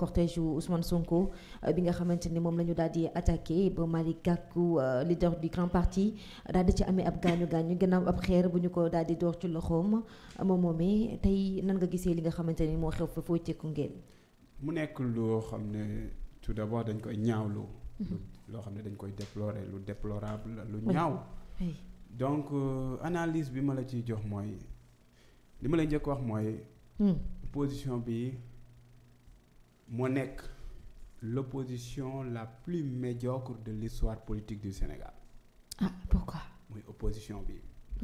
cortège yu Ousmane Sonko euh, bi nga xamante ni moom la ñu daal di attaqué ba Malick Gakou euh, leader du grand parti daal di ci amee ab gaañu gaañu gannaaw ab xeer bu ñu ko daal di door ci loxoom moom moomee tey nan nga gisee li nga xamante ni moo xew fa foo ci Koungheul. mu nekk loo xam ne tout d'abord dañ koy ñaawlu. Mhm. loo xam ne dañ koy déplorer lu déplorable lu ñaaw. donc euh, analyse bi ma la ciy jox mooy li ma lay njëkk wax mooy. Hmm. position bi. moo nekk l'opposition la plus médiocre de l'histoire politique du Sénégal. ah pourquoi. opposition bi.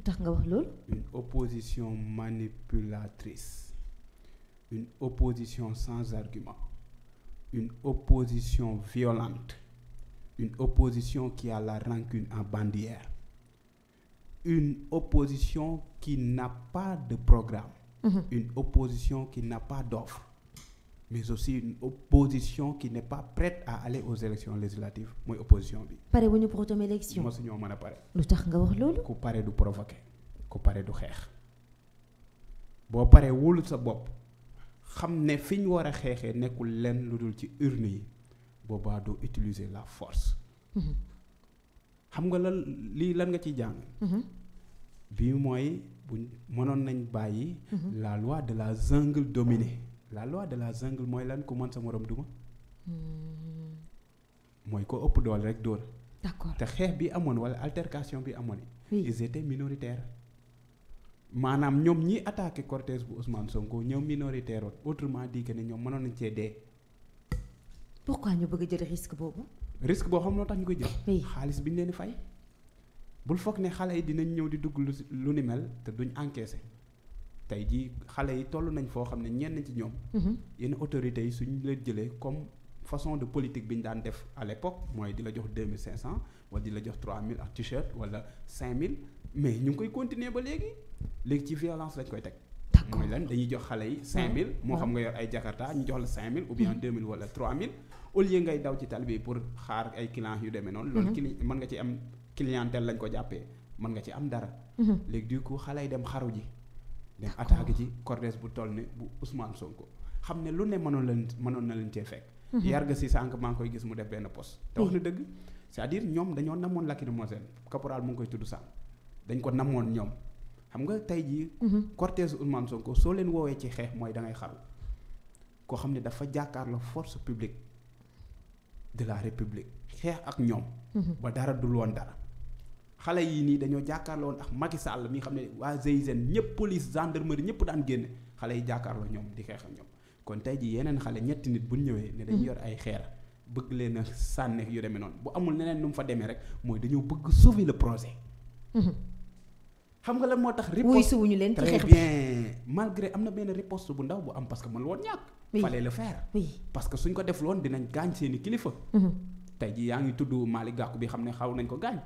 lu nga wax loolu. une opposition manipulatrice une opposition sans argument une opposition violente une opposition qui a la rancune en bandière une opposition qui n'a pas de programme. Mm-hmm. une opposition qui n'a pas d'offre. mais aussi une opposition qui n'est pas prête à aller aux élections législatives mooy opposition bi. pare wuñu pour dem élection. mosuñoo mën a pare. lu tax nga wax loolu. ku pare du provoquer ku pare du xeex boo paree wóolu sa bopp xam ne fi ñu war a xeexee nekkul lenn lu dul ci urnu yi boobaa doo utiliser la force. Mhm. xam nga lan lii lan nga ciy jàng. Mhm. bii mooy bu mënoon nañ bàyyi. Mhm. la loi de la jungle dominée. la loi de la jungle mooy lan ku mën sa morom duma hmm. mooy ko ëpp dool rek dóor. d'accord te xeex bi amoon wala altercation bi amoon. oui ils étaient minoritaires. maanaam ñoom ñi attaqué cortège bu Ousmane Sonko ñoom minoritaire woon autrement dit que ne ñoom mënoon nañ cee dee. pourquoi ñu bëgg a jël risque boobu. risque boo xam loo tax ñu ko jël. xaalis bi ñu leen di fay. bul foog ne xale yi dinañ ñëw di dugg lu lu ni mel te duñ encaissé. tey jii xale yi toll nañ foo xam ne ñenn ci ñoom. Mhm. yenn autorités yi suñu la jëlee comme façon de politique bi ñu daan def à l'époque mooy di la jox deux mille cinq cent wala di la jox trois mille ak t-shirt wala cinq mille mais ñu ngi koy continuer ba léegi léegi ci violence lañ koy teg. d'accord mooy lan dañuy jox xale yi cinq mille. moo xam nga yor ay jakarta ñu jox la cinq mille ou bien mhm. deux mille wala trois mille au lieu ngay daw ci tali bi pour noonu. loolu mhm. cli mën nga ci am clientèle lañ ko jàppee mën ci am dara. léegi du coup xale yi dem dem attaqué ci cortège bu toll ne bu Ousmane Sonko xam ne lu ne mënoon leen mënoon na leen cee fekk. Mhm. yar si sànq maa ngi koy gis mu def benn poste. te wax na dëgg cest à ñoom dañoo namoon lacrymogène caporal mu ngi koy tudd sànq dañ ko namoon ñoom xam nga tey jii. Mhm. cortège Ousmane Sonko soo leen woowee ci xeex mooy da ngay xaru. koo xam ne dafa jàkkaarloo force publique de la république xeex ak ñoom. Mhm. ba dara dul woon dara. xale yii nii dañoo jàkkaarloo woon ak Macky Sall mi xam ne waa GIGN ñëpp police gendarmerie ñëpp daan génne xale yi jàkkaarloo ñoom di xeex ak ñoom kon tey ji yeneen xale ñetti nit bu ñu ñëwee. ne dañu mhm. yor ay xeer bëgg leen a sànne yu demee noonu bu amul neneen nu mu fa demee rek mooy dañoo bëgg sauver le projet. Mhm. xam nga la moo tax. riposte wuy leen ci xeex bi am na benn riposte bu ndaw bu am parce que mën woon ñàkk. fallait le faire. parce que suñ ko def loon dinañ gaañ seeni kilifa. Mhm. tey jii yaa ngi tudd maali Gakou bi xam ne xaw nañ ko gaañ.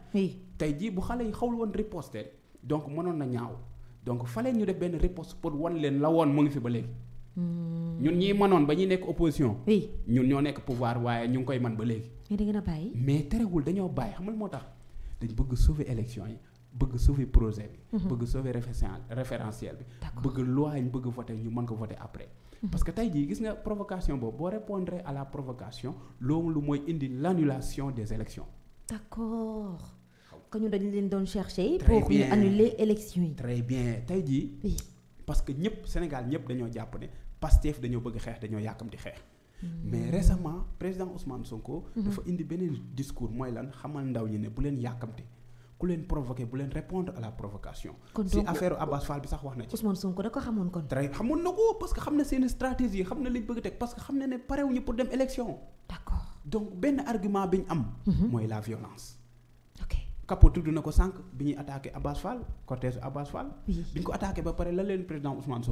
tey jii bu xale yi xawul woon riposter donc mënoon na ñaaw donc faleen ñu def benn riposte pour wan leen la woon mu ngi fi ba léegi. Hmm. ñun ñii mënoon ba ñuy nekk opposition. ñun ñoo nekk pouvoir waaye ñu ngi koy man ba léegi. mais da ngeen a bàyyi. mais terewul dañoo bàyyi xamul moo tax dañ bëgg sauver élection yi. bëgg sauver projet bi. Mhm. bëgg sauver référentiel bi. bëgg loi ñu bëgg voter ñu mën ko voter après. Mhm. parce que tey jii gis nga provocation boobu boo répondre à la provocation loolu mooy indi l'annulation des élections. d'accord que ñu dañ leen doon chercher. pour ñu annuler yi. très bien tey jii. parce que ñëpp Sénégal ñëpp dañoo jàpp ne Pastef dañoo bëgg xeex dañoo yàkkamti xeex. Hmm. mais récemment président Ousmane Sonko. Mhm. dafa indi beneen discours mooy lan xamal ndaw ñi ne bu leen yàkkamti. ku leen provocation si affaire Abbas Fall bi sax wax na ci Ousmane Sonko da ko xamoon kon très xamoon na ko parce que xam na seen stratégie xam na liñ bëgg teg na ne parewuñu mhm. ko sànq bi ñuy attaqué Abbas Fall cortège Abbas Fall bi ñu ko attaqué ba pare la leen président Ousmane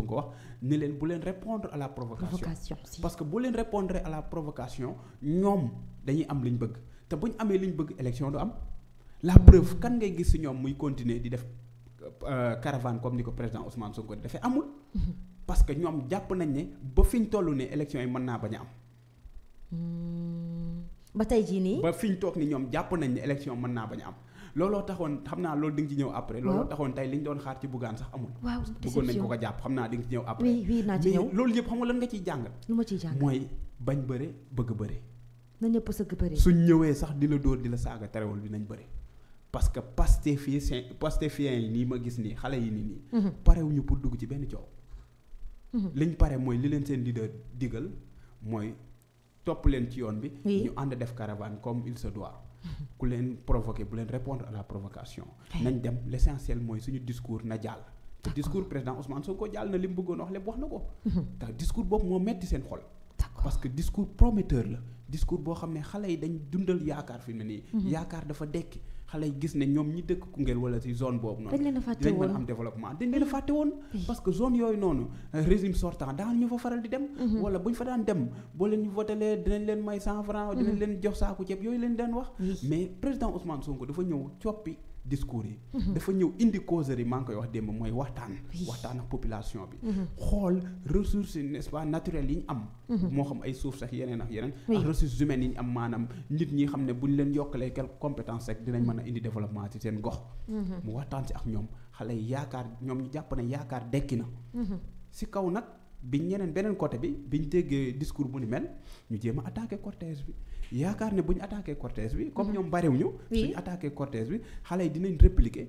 leen bu leen répondre à la provocation que bu leen répondre à la provocation ñoom dañuy am liñ bëgg te bu ñu amee liñ bëgg élection du am la preuve kan ngay gis si ñoom muy continuer di def euh, caravane comme ni ko président Ousmane Sonko di dafay amul. parce que ñoom jàpp nañ ne ba fi ñu toll ne élection yi man naa bañ a am. Hmm. ba tey jii nii. ba fi ñu toog ni ñoom jàpp nañ élection mën naa bañ am. looloo taxoon xam naa loolu di ci ñëw après. looloo taxoon tey li ñu doon xaar ci Bougane sax amul. waaw bëggoon nañ ko ko jàpp xam naa di nga ci ñëw après. oui loolu yëpp xam nga nga ciy jàngal. lu ma ciy jàngal mooy bañ bëre bëgg bëre. na ñëpp sëgg bëre. suñ ñëwee sax di la dóor di la saaga terewul dinañ bëre parce que pastéfien pastéfien yi nii ma gis nii xale yi nii nii. Mhm. parewuñu pour dugg ci benn coow. Mhm. liñ pare mooy li leen seen leader digal mooy topp leen ci yoon bi. ñu ànd def caravane comme il se doit. ku leen provoquer bu leen répondre à la provocation. nañ dem l' essentiel mooy suñu discours na jàll. te discours président Ousmane Sonko jàll na li mu bëggoon wax lépp wax na ko. Mhm. te discours boobu moo metti seen xol. parce que discours prometteur la discours boo xam ne xale yi dañ dundal yaakaar fi nii. yaakaar dafa dekki. xale yi gis ne ñoom ñi dëkk Koungheul wala si zone boobu noonu dinañ mën a am développement dañ leen a fàtte woon parce zone yooyu noonu euh, régime sortant daan ñu fa faral di dem mhm. wala bu ñu fa daan dem boo leen ñu votelee dinañ leen may san franc dinañ mhm. leen jox saaku ceeb yooyu leen daan wax mais président Ousmane Sonko dafa ñëw coppi discours yi. Mhm. dafa ñëw indi causerie maa ngi koy wax démb mooy waxtaan. waxtaan ak population bi. Mhm. xool ressources yi n'est-ce pas naturelles yi ñu am. Mhm. moo xam ay suuf sax yeneen ak yeneen. ak ressources humaines yi ñu am maanaam nit ñi xam ne bu leen yokkalee quelque compétence rek dinañ mën a indi développement ci seen gox. mu waxtaan ci ak ñoom xale yaakaar ñoom ñu jàpp ne yaakaar dekki na. si kaw nag biñ ñeneen beneen côté bi biñ déggee discours bu ni mel ñu jéem a attaqué yaakaar ne bu ñu attaqué cortège bi comme mm-hmm. ñoom bariwuñu suñu attaqué cortège bi xale yi dinañ répliquer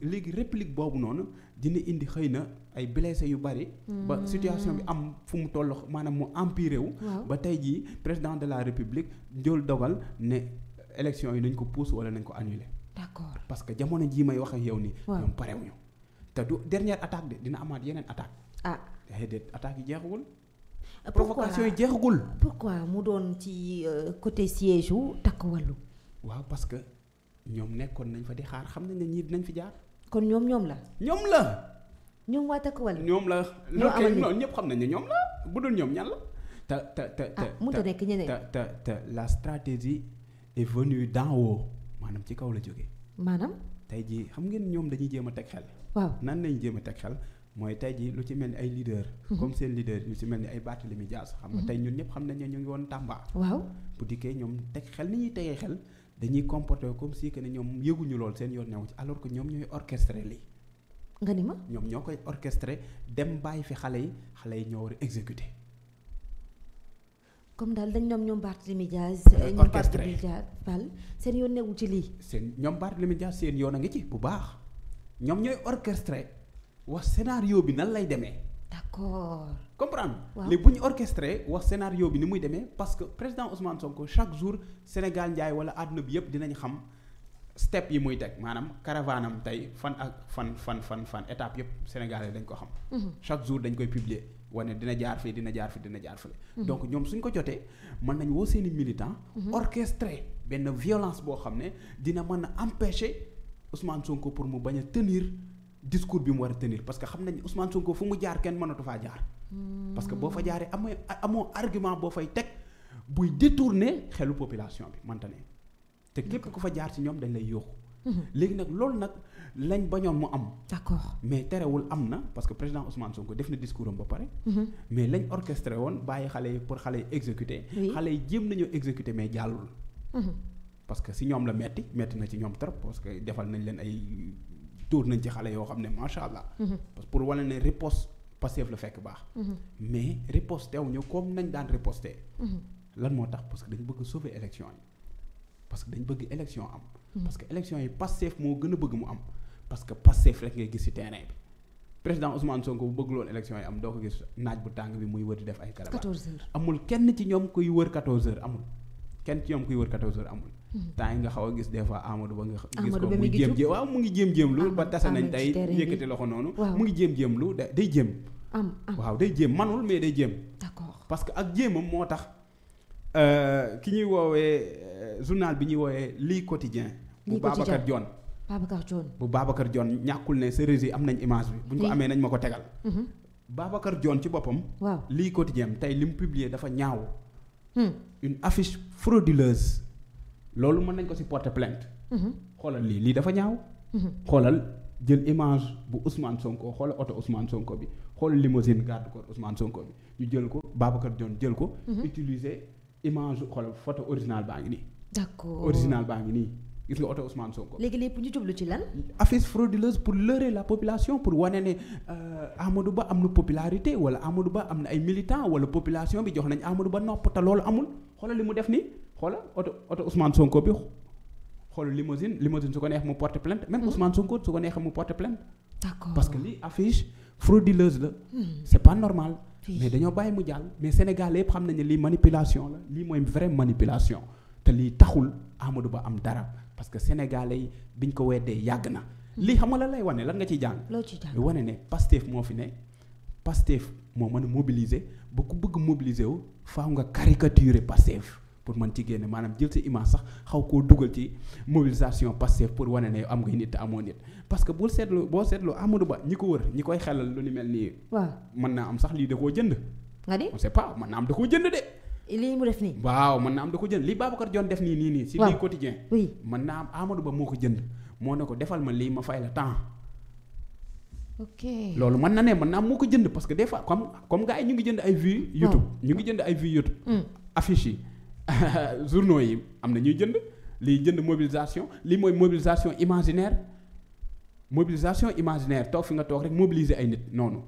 léegi réplique boobu noonu dina indi xëy na ay blessé yu bari ba mm. situation bi am fu mu toll maanaam mu empiré wu ba tey jii président de la république jël dogal ne élection yi nañ ko pousse wala nañ ko annuler d'accord parce que jamono jii may wax yow nii ñoom parewuñu te du dernière attaque de dina amaat yeneen attaque ah attaque yi jeexagul Euh, provocation yi jeexagul. pourquoi mu doon ci euh, côté siège wu takk wàllu. waaw parce que ñoom nekkoon nañ fa di xaar xam nañ ne ñii dinañ fi jaar. kon ñoom ñoom la. ñoom la. ñoom waa takk wàllu. ñoom la loolu ñëpp xam nañ ne ñoom la bu dul ñoom ñan la. te te te te te te la stratégie est venue d'en haut maanaam ci kaw la jógee. maanaam. tey jii xam ngeen ñoom dañuy jéem a teg xel. waaw nan lañu jéem a teg xel mooy tey jii lu ci mel ni ay leader mhm. comme seen leader ñu ci mel ni ay Barthélémy Dias xam nga mhm. tey ñun ñëpp xam nañ ne ñu ngi woon Tamba waaw bu dikkee ñoom teg xel ni ñuy tegee xel dañuy comporté comme si que ne ñoom yëguñu lool seen yoon newu ci alors que ñoom ñooy orchestré lii nga ni ma ñoom ñoo koy orchestré dem bàyyi fi xale yi xale yi ñoo war a exécuté comme daal dañ ñoom ñoom Barthélémy Dias euh, ñoom Barthélémy Dias Fall seen yoon newu ci lii seen ñoom Barthélémy Dias seen yoon a ngi ci bu baax ñoom ñooy orchestré wax scénario bi nan lay demee. d'accord comprendre. waaw léegi bu ñu orchestré wax scénario bi ni muy demee parce que président Ousmane Sonko chaque jour Sénégal njaay wala àdduna bi yëpp dinañ xam step yi muy teg maanaam caravane am tey fan ak fan fan fan fan étape yëpp Sénégal dañ ko xam. Mhm. chaque jour dañ koy publier wane dina jaar fii dina jaar fii dina jaar fële. Mhm. donc ñoom suñ ko jotee mën nañ woo seeni i militants. Mhm. orchestré benn violence boo xam ne dina mën a empêcher Ousmane Sonko pour mu bañ a tenir. discours bi mu war a tenir parce que xam nañ Ousmane Sonko fu mu jaar kenn mënatu faa jaar. Hmm. parce que boo fa jaaree amoo amoo argument boo fay teg buy détourner xelu population bi mënta ne te képp ku fa jaar ci ñoom dañ lay yóoxu. Hmm. léegi nag loolu nag lañ bañoon mu am. d'accord mais terewul am na parce que président Ousmane Sonko def na discours am ba pare. Hmm. mais lañ orchestré woon bàyyi xale yi pour xale yi exécuter. xale yi jéem nañoo exécuter mais jàllul. parce que si ñoom la metti metti na ci ñoom trop parce que defal nañ leen ay dóor nañ ci xale yoo xam ne macha allah. Mhm. parce que pour wane ne riposte Pastef la fekk baax. Mhm. mais riposte wu ñu comme nañ daan riposte. Mhm. lan moo tax parce dañ bëgg sauver élection yi parce moo gën a bëgg mu am parce que rek ngay gis ci terrain bi. président Ousmane Sonko bu bëgg loon élection yi am doo ko gis naaj bu tàng bi muy wër di def ay. 14 amul kenn ci ñoom kuy wër 14 heures amul. kenn ci ñoom kuy wër 14 amul. Mhm. temps nga xaw a gis des fois Ba nga. gis ko mu jéem jéem waaw mu ngi jéem jéem lu ba tase nañ tey yëkkati loxo noonu. mu ngi jéem jéem lu day jéem. am waaw day jéem manul mais day jéem. parce que ak jéemam moo tax euh, ki ñuy woowee euh, journal bi ñuy woowee lii quotidien bu Babacar Dione Babacar Dione bu Babacar Dione ñàkkul ne sa régie am nañ image bi bu ñu ko amee nañ ma ko tegal. Mhm. Babacar Dione ci boppam. lii quotidien tey li mu publier dafa ñaaw. Hmm. une affiche frauduleuse loolu mën nañ ko ci porter plainte hmm. xoolal lii lii dafa ñaaw hmm. xoolal jël image bu Ousmane Sonko xoolal oto Ousmane Sonko bi xoolal limousine garde corps Ousmane Sonko bi ñu jël ko Babacar Dione jël ko utiliser image xoolal photo original baa ngi nii d'accord original baa ngi nii gis nga oto Ousmane Sonko. léegi lépp ñu jublu ci lan. affiche frauduleuse pour leurrer la population pour wane ne euh, Amadou Ba am na popularité wala Amadou Ba am na ay militants wala population bi jox nañ Amadou Ba nopp te loolu amul xoola li mu def nii xoolal oto oto Ousmane Sonko bi xool limousine limousine su ko neex mu porte plainte même hmm? Ousmane Sonko su ko neex mu porte plainte. d'accord parce que li affiche frauduleuse la. Hmm. c'est pas normal. mais dañoo bàyyi mu jàll mais Sénégal yëpp xam nañ ne lii manipulation la lii mooy vraie manipulation te lii taxul Amadou Ba am dara. parce que sénégalais yi biñ ko weddee yàgg na. lii xam la lan lay wane lan nga ciy jàng. loo ciy jàng wane ne Pastef moo fi ne Pastef moo man a mobiliser ba ku bëgg mobiliser wu faaw nga caricaturer Pastef pour mën ci génn maanaam jël sa image sax xaw koo dugal ci mobilisation Pastef pour wane ne am ngay nit te amoo nit parce que bul seetlu boo seetlu Amadou Ba ñi ko wër ñi koy xelal lu ni mel nii. waaw mën naa am sax lii da koo jënd. nga di on naa am da koo jënd de. lii mu def nii. waaw man na am da ko jënd li Babacar Dione def nii nii nii. si lii quotidien oui mën naa am Amadou Ba moo ko jënd moo ne ko defal ma lii ma fay la temps. ok loolu mën na ne mën naa am moo ko jënd parce que des fois comme comme gars yi ñu ngi jënd ay vues. YouTube ñu ngi jënd ay vues YouTube. Mm. affiche yi journaux yi am na ñuy jënd lii jënd mobilisation lii mooy mobilisation imaginaire mobilisation imaginaire toog fi nga toog rek mobiliser ay nit noonu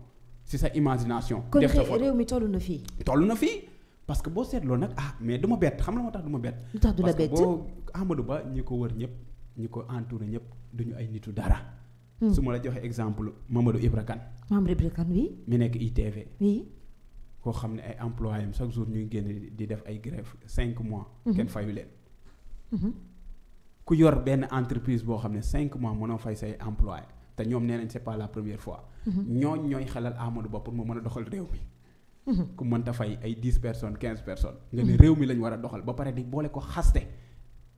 si sa imagination. na fii. toll na fii. parce que boo seetloo nag ah mais du bett xam la moo tax du ma bett. lu tax parce que boo Amadou Ba ñi ko wër ñëpp ñi ko entouré ñëpp duñu ay nitu dara. Hmm. su ma la joxee exemple Mamadou Ibra Kane. Mamadou Ibra Kane oui. mi nekk i oui. koo xam ne ay employé am chaque jour ñuy génn di def ay grève cinq mois. Hmm. kenn fayu leen. Hmm. ku yor benn entreprise boo xam ne cinq mois mënoo fay say employé te ñoom nee nañ c'est pas la première fois. ñooñ ñooy xelal Amadou Ba pour mu mën a doxal réew mi. ku mënta fay ay dix personnes quinze personnes. nga ne mm-hmm. réew mi lañ war a doxal ba pare di boole ko xaste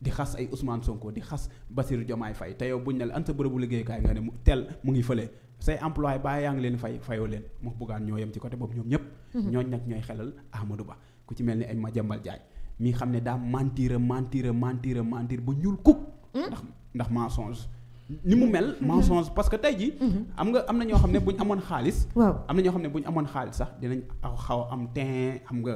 di xas ay Ousmane Sonko di xas Bassirou Diomaye Faye te yow buñ ne la an sa bërëbu liggéeykaay nga ne mu tel mu ngi fële say employé baa yaa ngi leen fay fayoo leen moo buggaan ñoo yem ci côté boobu ñoom ñëpp. Mm-hmm. ñooñ nag ñooy xelal Amadou Ba ku ci mel ni ay Madiambal Diagne mi xam ne daa mentir mentir mentir mentir ba ñuul kuk. Mm-hmm. ndax ndax mensonge. ni mu mel mensonge parce que tey jii am nga am na ñoo xam ne bu ñu amoon xaalis ñoo xam ne bu ñu amoon xaalis sax dinañ aw xaw am teint xam nga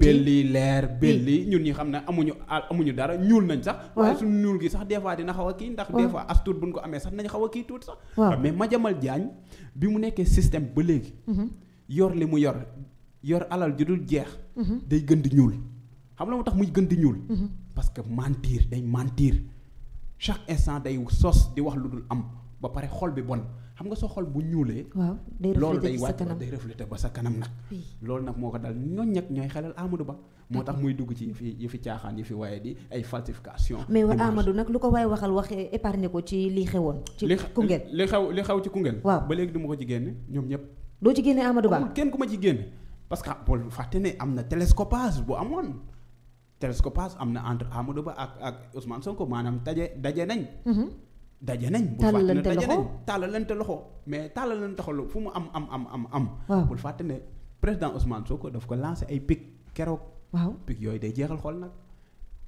belli leer belli ñun ñi xam ne amuñu amuñu dara ñuul nañ sax waaye suñu ñuul gi sax des fois dina xaw a kii ndax des fois as tuut buñ ko amee sax nañ xaw a kii tuuti sax ah, bi mu nekkee système ba léegi mhm. yor li mu yor yor alal ju dul jeex mhm. day gën di ñuul xam la moo tax muy gën di ñuul mhm. parce que mentir day mentir chaque instant day sos di wax lu dul am ba pare xol bi bon xam nga soo xol bu ñuulee. waaw day loolu day wàcc day reflété ba sa kanam nag. loolu nag moo ko dal ñooñ nag ñooy xelal Amadou Ba. moo tax muy dugg ci yëfi yëfi caaxaan fi waaye di ay falsification. mais wa Amadou nag lu ko waaye waxal wax épargne ko ci li xewoon. ci Koungheul li xew li xew ci Koungheul. waaw ba léegi du ma ko ci génne ñoom ñëpp. doo ci génne Amadou Ba amul kenn ku ma ci génne. parce que ah, boo fàtte ne am na télescopage bu amoon. télescopage am na entre Amadou Ba ak ak Ousmane Sonko maanaam daje daje nañ. Mhm. daje nañ. tàllalante loxo daje nañ tàllalante loxo mais tàllalante loxo fu mu am am am am am. waaw bul fàtte président Ousmane Sonko daf ko lancé ay pic keroog. waaw pic yooyu day jeexal xol nag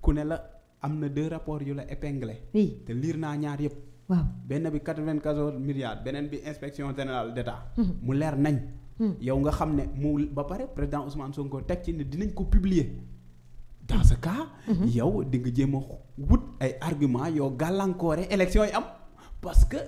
ku ne la am na deux rapports yu la épinglé. oui te liir naa ñaar yëpp. waaw benn bi quatre-vingt-quatorze milliards beneen bi inspection générale d'État. Mhm. mu leer nañ. Mhm. yow nga xam ne mu ba pare président Ousmane Sonko teg ci ne dans ce cas. yow di nga jéem a wut ay argument yoo gàllankoore élection yi am. parce que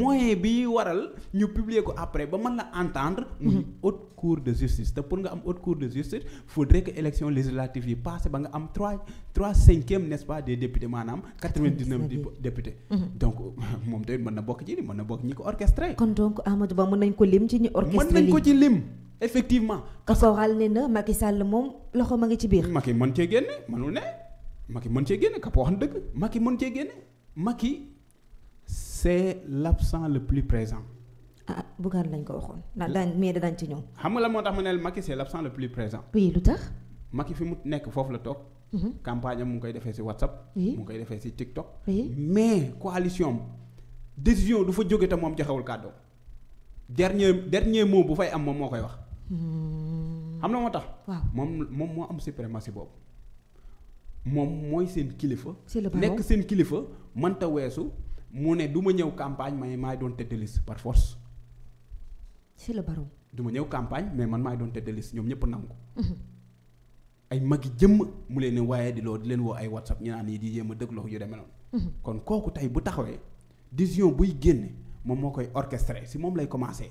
moyen bi waral ñu publier ko après ba mën la entendre muy haute cour de justice te pour nga am haute cour de justice faudrait que élection législative yi passé ba nga am trois trois cinquième nest pas des députés maanaam quatre-vingt-dix-neuf députés donc moom tamit mën na bokk ci mën na bokk ñi ko orchestré kon donc Amadou Ba mën nañ ko lim ci ñi orchestré mën nañ effectivement. parce que Kaporal ne na Macky Sall moom loxo ma ngi ci biir. Macky mën cee génne mënul ne Macky mën cee génne Kapo wax na dëgg Macky mën cee génne Macky c'est l'absent le plus présent. ah Bougane lañ ko waxoon ndax daañu mais danañ ci ñëw. xam nga la moo tax ma ne la Macky c'est l'absent le plus présent. oui lu tax. Macky fi mu nekk foofu la toog. Mhm. campagne mu ngi koy defee ci WhatsApp. mu ngi koy defee ci TikTok. mais coalition décision du fa jóge te moom joxewul kàddoom. dernier dernier mot bu fay am moom moo koy wax. Hmm. xam na moo tax. waaw moom moom moo am suprématie boobu. moom mooy seen kilifa. nekk seen kilifa mënta weesu mu ne du ma ñëw campagne mais maay doon tête de liste par force. c'est du ma ñëw campagne mais man maay doon tête de liste ñoom ñëpp nangu ko. Mhm. ay mag yi jëmm mu leen ne waaye di loo di leen woo ay whatsapp ñu naan yi di yéem a dëgloo yu demee noonu. Mhm. kon kooku tey bu taxawee décision buy génne moom moo koy orchestré si moom lay commencé.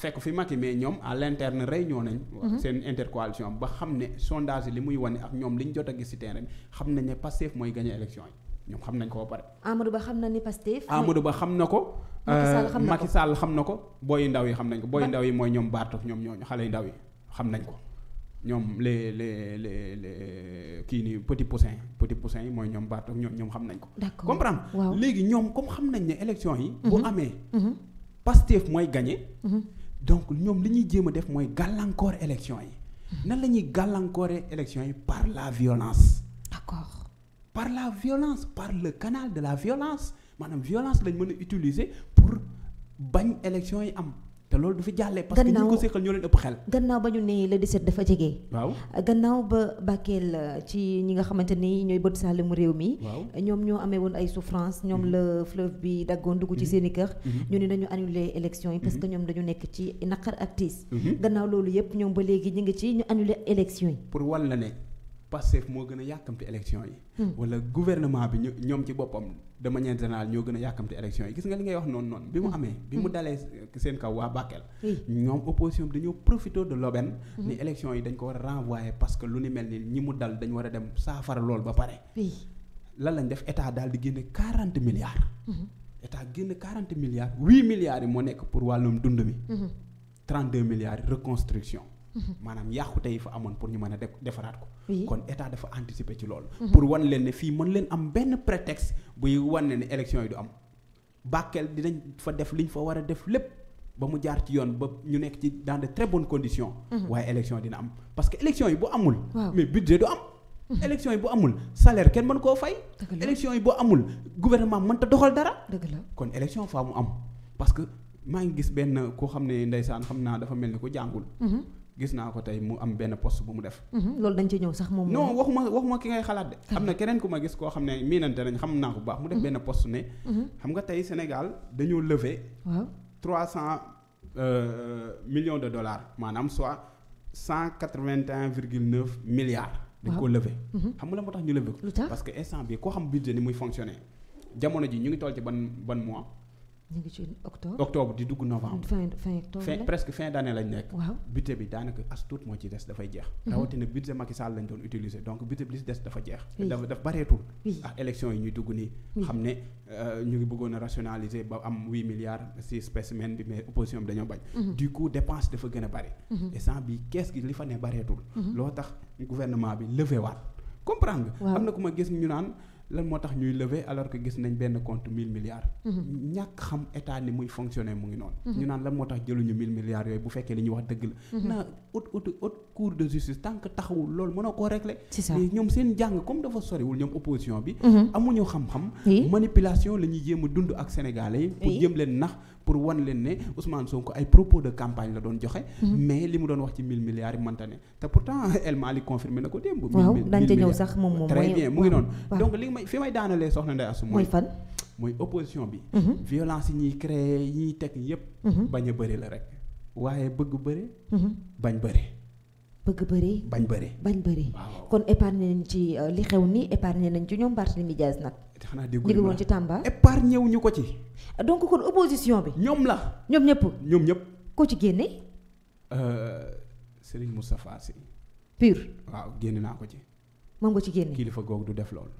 fekk fi Macky mais ñoom à l'interne réunion nañ mhm. seen intercoalition ba xam ne sondage li muy wane ak ñoom li ñu jot a gis ci terrain bi xam nañ ne Pastef mooy gagné élection yi xam nañ ko ba pare Amadou Ba xam na ni Pastef Ba euh, xam na ko Macky Sall xam na ko booy ndaw yi xam nañ ko booy ndaw yi mooy ñoom Bartok ñoom ñooñu xale yu ndaw yi xam nañ ko ñoom les les les les kii nii petit poussin petit poussin yi mooy ñoom Bartok ñoom ñoom xam nañ ko comprendre waaw léegi ñoom comme xam yi bu mhm. amee mhm. Pastef mooy gagné donc ñoom li ñuy jéem a def mooy gàllankoor élection yi nan la ñuy gàllankoore élection yi par la violence d'accord par la violence par le canal de la violence maanaam violence lañ mën a utiliser pour bañ élection yi am te loolu du fi jàllee parce que ñi ko seqal ñoo leen ëpp xel. gannaaw ba ñu ne le 17 dafa jege. waaw gannaaw ba Bakel euh, ci ñi nga xamante ni ñooy bët saalum réew mi. ñoom ñoo amee woon ay souffrance ñoom mm-hmm. la fleuve bi daggoon dugg ci mm-hmm. seen i kër. Mm-hmm. ñu ne dañu annulé élection yi parce que ñoom dañu nekk ci naqar ak tiis. gannaaw loolu yëpp ñoom ba léegi ñu ngi ci ñu annulé élection yi. pour wàll la ne. Pastef moo gën a yàkkamti élection yi. Hmm. wala gouvernement bi ñu ñoom ci boppam de manière générale ñoo gën a yàkkamti élection yi gis nga li ngay wax noonu noonu. bi mu hmm. amee bi mu hmm. dalee seen kaw waa Bakel. ñoom opposition bi dañoo profité de l'aubaine ni élection yi dañ ko war a renvoyer parce lu ni mel ni ñi mu dal dañ war a dem saafara lool ba pare. lan lañ def état daal di génne quarante milliards. état génne quarante milliards huit milliards yi moo nekk pour wàllum dund mi. trente deux milliards reconstruction. maanaam yàqu tey fa amoon pour ñu mën a defaraat ko kon état dafa anticiper ci loolu mhm. pour wan leen ne fii mën leen am benn prétexte buy wan ne ne yi du am Bakel dinañ fa def liñ fa war a def lépp ba mu jaar ci yoon ba ñu nekk ci dans de très bonnes conditions mhm. waaye élection dina am parce que élection yi bu amul mais budget du am mhm. élection yi bu amul salaire kenn mën koo fay élection yi bu amul gouvernement mënta doxal dara la kon élection faa mu am parce que maa ngi gis benn koo xam ne ndeysaan xam naa dafa mel ni ko jàngul gis naa ko tey mu am benn post bu mu def. Mhm, loolu dañ ci ñëw sax moom. non waxuma waxuma ki ngay xalaat de. am na keneen ku ma gis koo xam ne miinante nañ xam naa ko bu baax. mu def mhm. benn poste ne. Mhm. xam nga tey Sénégal dañoo lever. waaw trois cent euh, euh, millions de dollars maanaam soit cent quatre vingt un virgule neuf milliards. dañ koo lever. xam nga la moo tax ñu lever ko. parce que instant bi koo xam budget ni muy fonctionner jamono ji ñu ngi tool ci ban ban mois. ñu di dugg novembre. fin presque fin d' année lañ nekk. waaw budget bi daanaka as tuut ci des dafay jeex. Mhm. rawatina budget Macky Sall doon utiliser donc budget bi li des dafa jeex. daf bareetul. ak élection yi ñuy dugg nii. xam ne euh, ñu ngi bëggoon a rationaliser ba am huit milliards si spécimen bi mais opposition bi dañoo bañ. Mhm. du coup dépense dafa gën a bare. Mhm. et sans bi kees gi li fa ne bareetul. loo tax gouvernement bi levé waat comprendre nga. ku ma gis lan moo tax ñuy lever alors que gis nañ benn compte mille milliards. Mhm. ñàkk xam état ni muy fonctionner mu ngi noonu. Mhm. ñu naan lan moo tax jëluñu mille milliards yooyu bu fekkee li ñuy wax dëgg la. Mhm. na ut ut ut de justice tant que taxawul loolu mënoo koo régler. c'est ça ñoom seen jàng comme dafa soriwul ñoom opposition bi. amuñu xam-xam. manipulation la ñuy jéem a dund ak sénégalais yi. pour jéem leen nax. pour wan leen ne Ousmane Sonko ay propos de campagne la doon joxe. Mhm. mais li mu doon wax ci 1000 milliards yi mënta ne te pourtant El Malick confirmé na ko démb. waaw daañu ca ñëw sax moom moom très bien mu ngi noonu. donc li may fi may daanalee soxna Ndeye Assou mooy fan. mooy opposition bi. Mhm. violence yi ñuy créé yi ñuy teg yépp mhm. bañ a bëri la rek waaye bëgg bëri. bañ bëri. bëgg bëri bañ bëri. bañ bëri kon épargné nañ ci euh, li xew ni épargné nañ ci ñoom Barthélémy Dias nag. xanaa dégguñu woon ci Tamba. épargne ñëwuñu ko ci. donc kon opposition bi. ñoom la ñoom ñëpp. ñoom ñëpp. ko ci génne. Euh, Serigne Moustapha Sy. pur waaw génne naa ko ci. moom nga ci génne kilifa googu du def loolu.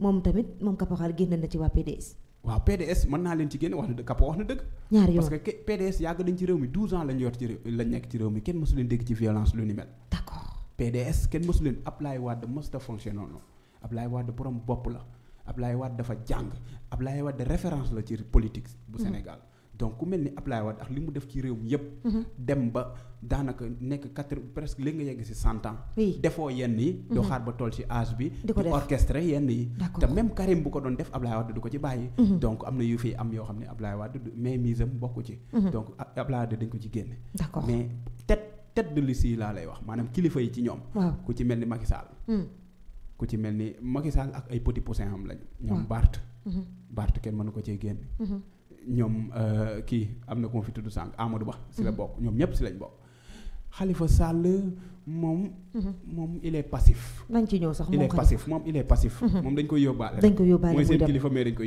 moom tamit moom Caporal génne na ci waa PDS. waaw PDS mën naa leen ci génne wax na dëgg Capo wax na dëgg. ñaari yoon parce que PDS yàgg nañ ci réew mi 12 ans lañ yor ci réew lañ nekk ci réew mi kenn mësu leen dégg ci violence lu ni mel. d'accord PDS kenn mësu leen Ablaye bopp la. Ablaye Wade dafa jàng Ablaye Wade référence la ci politique bu mhm. Sénégal donc ku mel ni Ablaye Wade ak li mu def ci réew mi mhm. dem ba daanaka nekk quatre presque li nga yegg si cent ans. defoo yenn yi. doo mhm. xaar ba toll ci âge bi. di ko def orchestre yenn yi. te bu ko doon def Ablaye Wade du ko ci bàyyi. donc am na yu fi am yoo xam ne Ablaye Wade du mais mise am bokk ci. donc Ablaye Wade dañ ko ci génne. mais tête tête de liste yi laa lay wax maanaam kilifa yi ci ñoom. ku ci mel ni Macky ku ci mel ni Macky Sall ak ay petit poussin am lañu. ñoom Barth. Mhm. Barth kenn mënu ko cee génn. Mhm. ñoom euh, kii am na ku ma fi tudd sànq Amadou Ba. si la mhm. bokk ñoom ñëpp si lañ bokk. Khalifa Sall moom. moom il est passif. nañ ci ñëw sax moom il est passif moom il est passif. moom dañ koy yóbbaale. dañ koy yóbbaale mooy seen kilifa dañ koy.